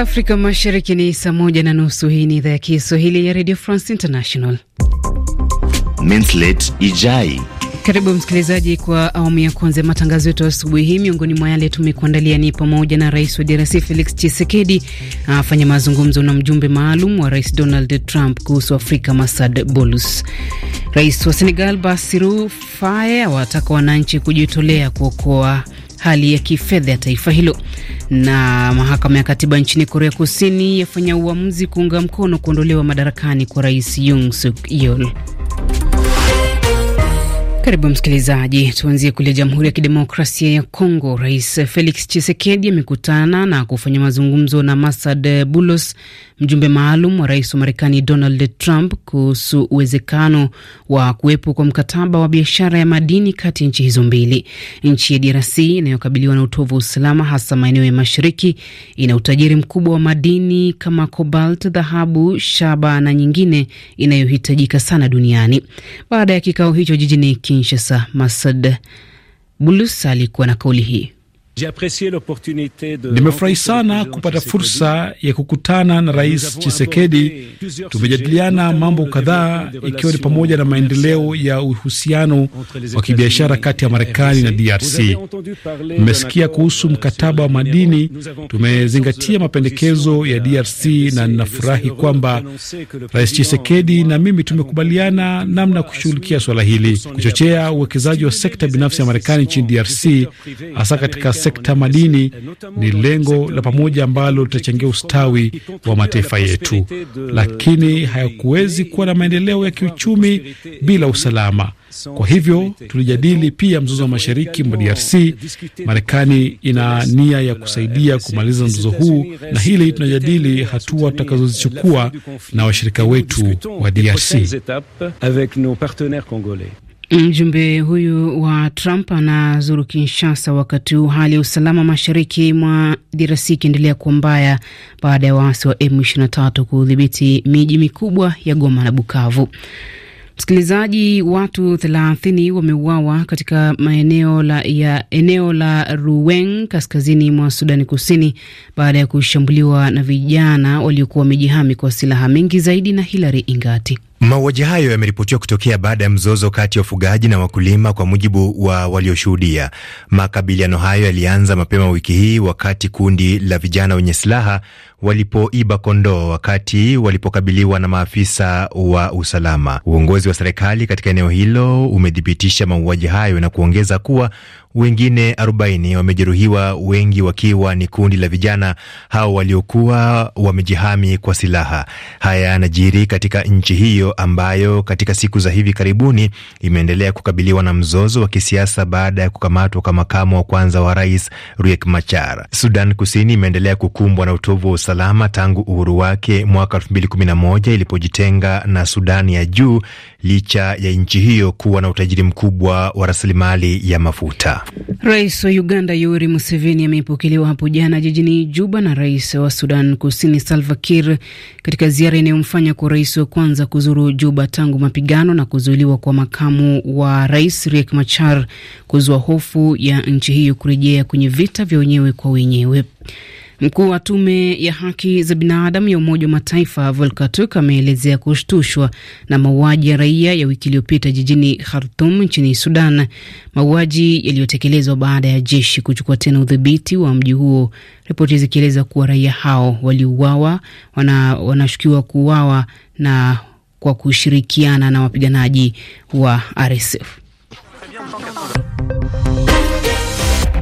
Afrika Mashariki ni saa moja na nusu. Hii ni idhaa ya Kiswahili ya Radio France International. Mintlet Ijai. Karibu msikilizaji kwa awamu ya kwanza ya matangazo yetu asubuhi hii. Miongoni mwa yale tumekuandalia ni pamoja na rais wa DRC Felix Tshisekedi afanya mazungumzo na mjumbe maalum wa rais Donald Trump kuhusu Afrika Masad Bolus. Rais wa Senegal Bassirou Faye awataka wananchi kujitolea kuokoa hali ya kifedha ya taifa hilo. Na mahakama ya katiba nchini Korea Kusini yafanya uamuzi kuunga mkono kuondolewa madarakani kwa rais Yoon Suk Yeol. Karibu msikilizaji, tuanzie kule Jamhuri ya Kidemokrasia ya Kongo. Rais Felix Tshisekedi amekutana na kufanya mazungumzo na Masad Bulos, mjumbe maalum wa rais wa Marekani Donald Trump kuhusu uwezekano wa kuwepo kwa mkataba wa biashara ya madini kati ya nchi hizo mbili. Nchi ya DRC inayokabiliwa na utovu wa usalama, hasa maeneo ya mashariki, ina utajiri mkubwa wa madini kama cobalt, dhahabu, shaba na nyingine inayohitajika sana duniani. Baada ya kikao hicho jijini Kinshasa, Masad bulus alikuwa na kauli hii. Nimefurahi sana kupata fursa ya kukutana na Rais chisekedi Tumejadiliana mambo kadhaa, ikiwa ni pamoja na maendeleo ya uhusiano wa kibiashara kati ya Marekani na DRC. Mmesikia kuhusu mkataba wa madini, tumezingatia mapendekezo ya DRC na ninafurahi kwamba Rais chisekedi na mimi tumekubaliana namna ya kushughulikia swala hili, kuchochea uwekezaji wa sekta binafsi ya Marekani nchini DRC, hasa katika sekta madini ni lengo la pamoja ambalo litachangia ustawi wa mataifa yetu, lakini hayakuwezi kuwa na maendeleo ya kiuchumi bila usalama. Kwa hivyo tulijadili pia mzozo wa mashariki mwa DRC. Marekani ina nia ya kusaidia kumaliza mzozo huu, na hili tunajadili hatua tutakazozichukua na washirika wetu wa DRC. Mjumbe huyu wa Trump anazuru Kinshasa wakati huu hali ya usalama mashariki mwa DRC ikiendelea kuwa mbaya baada ya waasi wa M23 kudhibiti miji mikubwa ya Goma na Bukavu. Msikilizaji, watu 30 wameuawa katika maeneo la, ya eneo la Ruweng kaskazini mwa Sudani Kusini baada ya kushambuliwa na vijana waliokuwa wamejihami kwa silaha. Mengi zaidi na Hilary Ingati. Mauaji hayo yameripotiwa kutokea baada ya mzozo kati ya wafugaji na wakulima, kwa mujibu wa walioshuhudia. Makabiliano hayo yalianza mapema wiki hii wakati kundi la vijana wenye silaha walipoiba kondoo wakati walipokabiliwa na maafisa wa usalama. Uongozi wa serikali katika eneo hilo umethibitisha mauaji hayo na kuongeza kuwa wengine 40 wamejeruhiwa, wengi wakiwa ni kundi la vijana hao waliokuwa wamejihami kwa silaha. Haya yanajiri katika nchi hiyo ambayo katika siku za hivi karibuni imeendelea kukabiliwa na mzozo wa kisiasa baada ya kukamatwa kwa makamu wa kwanza wa rais Riek Machar. Sudan Kusini imeendelea kukumbwa na utovu wa usalama tangu uhuru wake mwaka 2011 ilipojitenga na Sudan ya Juu, licha ya nchi hiyo kuwa na utajiri mkubwa wa rasilimali ya mafuta. Rais wa Uganda Yoweri Museveni amepokelewa hapo jana jijini Juba na rais wa Sudan Kusini Salva Kiir katika ziara inayomfanya kuwa rais wa kwanza kuzuru Juba tangu mapigano na kuzuiliwa kwa makamu wa rais Riek Machar kuzua hofu ya nchi hiyo kurejea kwenye vita vya wenyewe kwa wenyewe. Mkuu wa tume ya haki za binadamu ya Umoja wa Mataifa Volker Turk ameelezea kushtushwa na mauaji ya raia ya wiki iliyopita jijini Khartum nchini Sudan, mauaji yaliyotekelezwa baada ya jeshi kuchukua tena udhibiti wa mji huo, ripoti zikieleza kuwa raia hao waliuawa, wanashukiwa wana kuuawa na kwa kushirikiana na wapiganaji wa RSF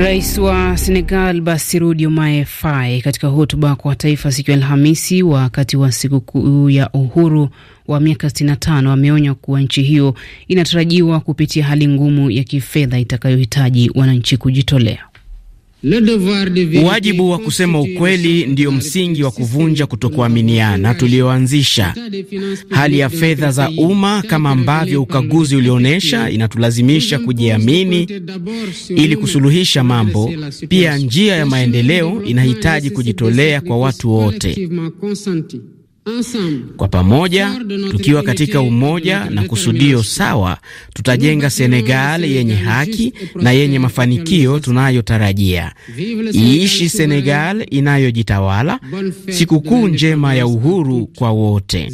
Rais wa Senegal Bassirou Diomaye Faye katika hotuba kwa taifa siku ya Alhamisi wakati wa sikukuu ya uhuru wa miaka 65 ameonya kuwa nchi hiyo inatarajiwa kupitia hali ngumu ya kifedha itakayohitaji wananchi kujitolea. Wajibu wa kusema ukweli ndio msingi wa kuvunja kutokuaminiana tulioanzisha. Hali ya fedha za umma, kama ambavyo ukaguzi ulionyesha, inatulazimisha kujiamini ili kusuluhisha mambo. Pia njia ya maendeleo inahitaji kujitolea kwa watu wote. Kwa pamoja tukiwa katika umoja na kusudio sawa, tutajenga Senegal yenye haki na yenye mafanikio tunayotarajia. Iishi Senegal inayojitawala! Sikukuu njema ya uhuru kwa wote.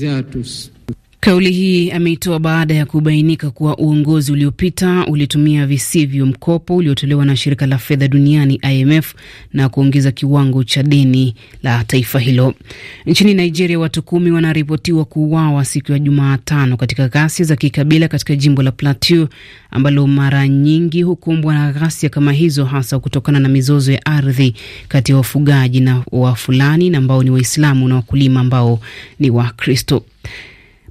Kauli hii ameitoa baada ya kubainika kuwa uongozi uliopita ulitumia visivyo mkopo uliotolewa na shirika la fedha duniani IMF na kuongeza kiwango cha deni la taifa hilo. Nchini Nigeria, watu kumi wanaripotiwa kuuawa siku ya Jumatano katika ghasia za kikabila katika jimbo la Plateau ambalo mara nyingi hukumbwa na ghasia kama hizo, hasa kutokana na mizozo ya ardhi kati ya wafugaji na Wafulani ambao ni Waislamu na wakulima ambao ni Wakristo.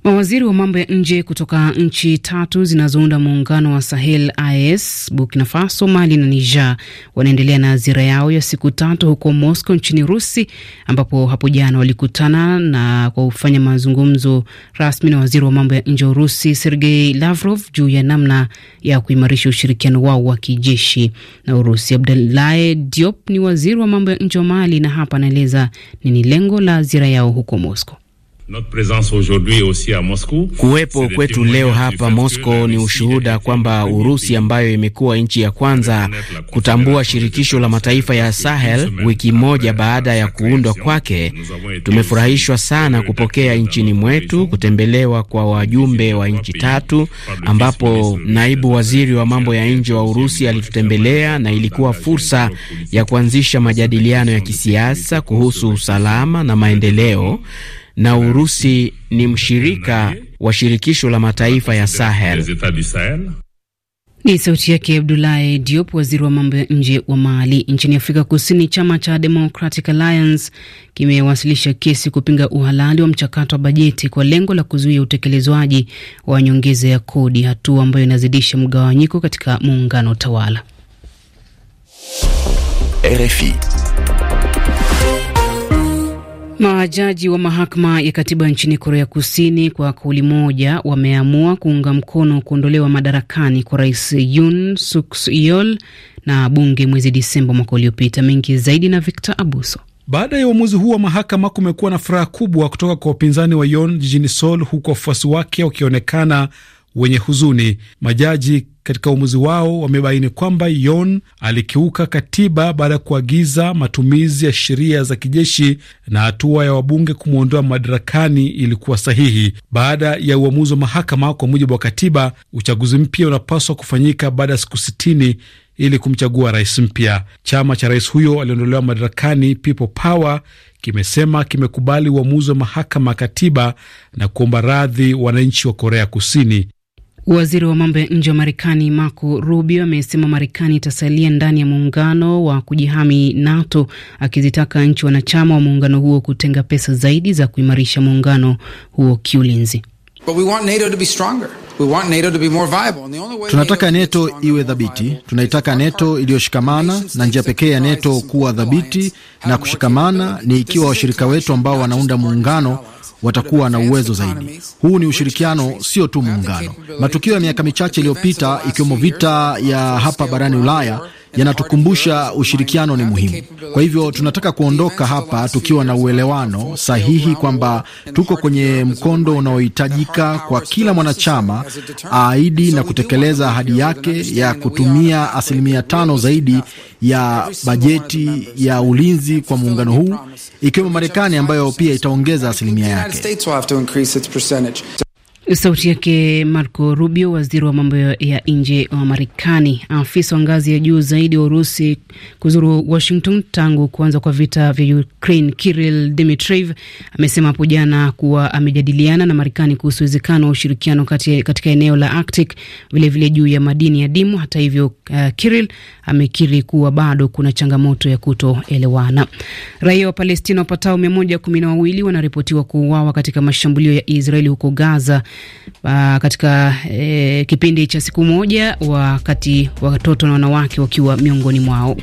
Mawaziri wa mambo ya nje kutoka nchi tatu zinazounda muungano wa Sahel IS, Burkina Faso, Mali na Niger wanaendelea na azira yao ya siku tatu huko Moscow nchini Rusi, ambapo hapo jana walikutana na kwa kufanya mazungumzo rasmi na waziri wa mambo ya nje wa Urusi Sergei Lavrov juu ya namna ya kuimarisha ushirikiano wao wa kijeshi na Urusi. Abdoulaye Diop ni waziri wa mambo ya nje wa Mali na hapa anaeleza nini lengo la azira yao huko Moscow. Kuwepo kwetu leo hapa Moscow ni ushuhuda kwamba Urusi ambayo imekuwa nchi ya kwanza kutambua shirikisho la mataifa ya Sahel wiki moja baada ya kuundwa kwake, tumefurahishwa sana kupokea nchini mwetu kutembelewa kwa wajumbe wa nchi tatu, ambapo naibu waziri wa mambo ya nje wa Urusi alitutembelea na ilikuwa fursa ya kuanzisha majadiliano ya kisiasa kuhusu usalama na maendeleo na Urusi ni mshirika wa shirikisho la mataifa ya Sahel. Ni sauti yake Abdulahi Diop, waziri wa mambo ya nje wa Mali. Nchini Afrika Kusini, chama cha Democratic Alliance kimewasilisha kesi kupinga uhalali wa mchakato wa bajeti kwa lengo la kuzuia utekelezwaji wa nyongeza ya kodi, hatua ambayo inazidisha mgawanyiko katika muungano tawala. RFI Majaji wa mahakama ya katiba nchini Korea Kusini kwa kauli moja wameamua kuunga mkono kuondolewa madarakani kwa rais Yoon Suk Yeol na bunge mwezi Disemba mwaka uliopita. Mengi zaidi na Victor Abuso. Baada ya uamuzi huu wa mahakama, kumekuwa na furaha kubwa kutoka kwa wapinzani wa Yoon jijini Seoul, huku wafuasi wake wakionekana wenye huzuni. Majaji katika uamuzi wao wamebaini kwamba Yon alikiuka katiba baada ya kuagiza matumizi ya sheria za kijeshi na hatua ya wabunge kumwondoa madarakani ilikuwa sahihi. Baada ya uamuzi wa mahakama, kwa mujibu wa katiba, uchaguzi mpya unapaswa kufanyika baada ya siku sitini ili kumchagua rais mpya. Chama cha rais huyo aliondolewa madarakani People Power kimesema kimekubali uamuzi wa mahakama ya katiba na kuomba radhi wananchi wa Korea Kusini. Waziri wa mambo ya nje wa Marekani Marco Rubio amesema Marekani itasalia ndani ya muungano wa kujihami NATO, akizitaka nchi wanachama wa muungano huo kutenga pesa zaidi za kuimarisha muungano huo kiulinzi. Tunataka NATO iwe thabiti, tunaitaka NATO iliyoshikamana, na njia pekee ya NATO kuwa thabiti na kushikamana ni ikiwa washirika wetu ambao wanaunda muungano watakuwa na uwezo zaidi. Huu ni ushirikiano, sio tu muungano. Matukio ya miaka michache iliyopita, ikiwemo vita ya hapa barani Ulaya yanatukumbusha ushirikiano ni muhimu. Kwa hivyo tunataka kuondoka hapa tukiwa na uelewano sahihi kwamba tuko kwenye mkondo unaohitajika kwa kila mwanachama aahidi na kutekeleza ahadi yake ya kutumia asilimia tano zaidi ya bajeti ya ulinzi kwa muungano huu, ikiwemo Marekani ambayo pia itaongeza asilimia yake. Sauti yake Marco Rubio, waziri wa mambo ya nje wa Marekani. Afisa wa ngazi ya juu zaidi wa Urusi kuzuru Washington tangu kuanza kwa vita vya Ukraine, Kirill Dmitriev amesema hapo jana kuwa amejadiliana na Marekani kuhusu uwezekano wa ushirikiano katika eneo la Arctic, vilevile juu ya madini ya dimu. Hata hivyo, uh, Kirill amekiri kuwa bado kuna changamoto ya kutoelewana. Raia wa Palestina wapatao mia moja kumi na wawili wanaripotiwa kuuawa katika mashambulio ya Israeli huko Gaza uh, katika eh, kipindi cha siku moja, wakati watoto na wanawake wakiwa miongoni mwao.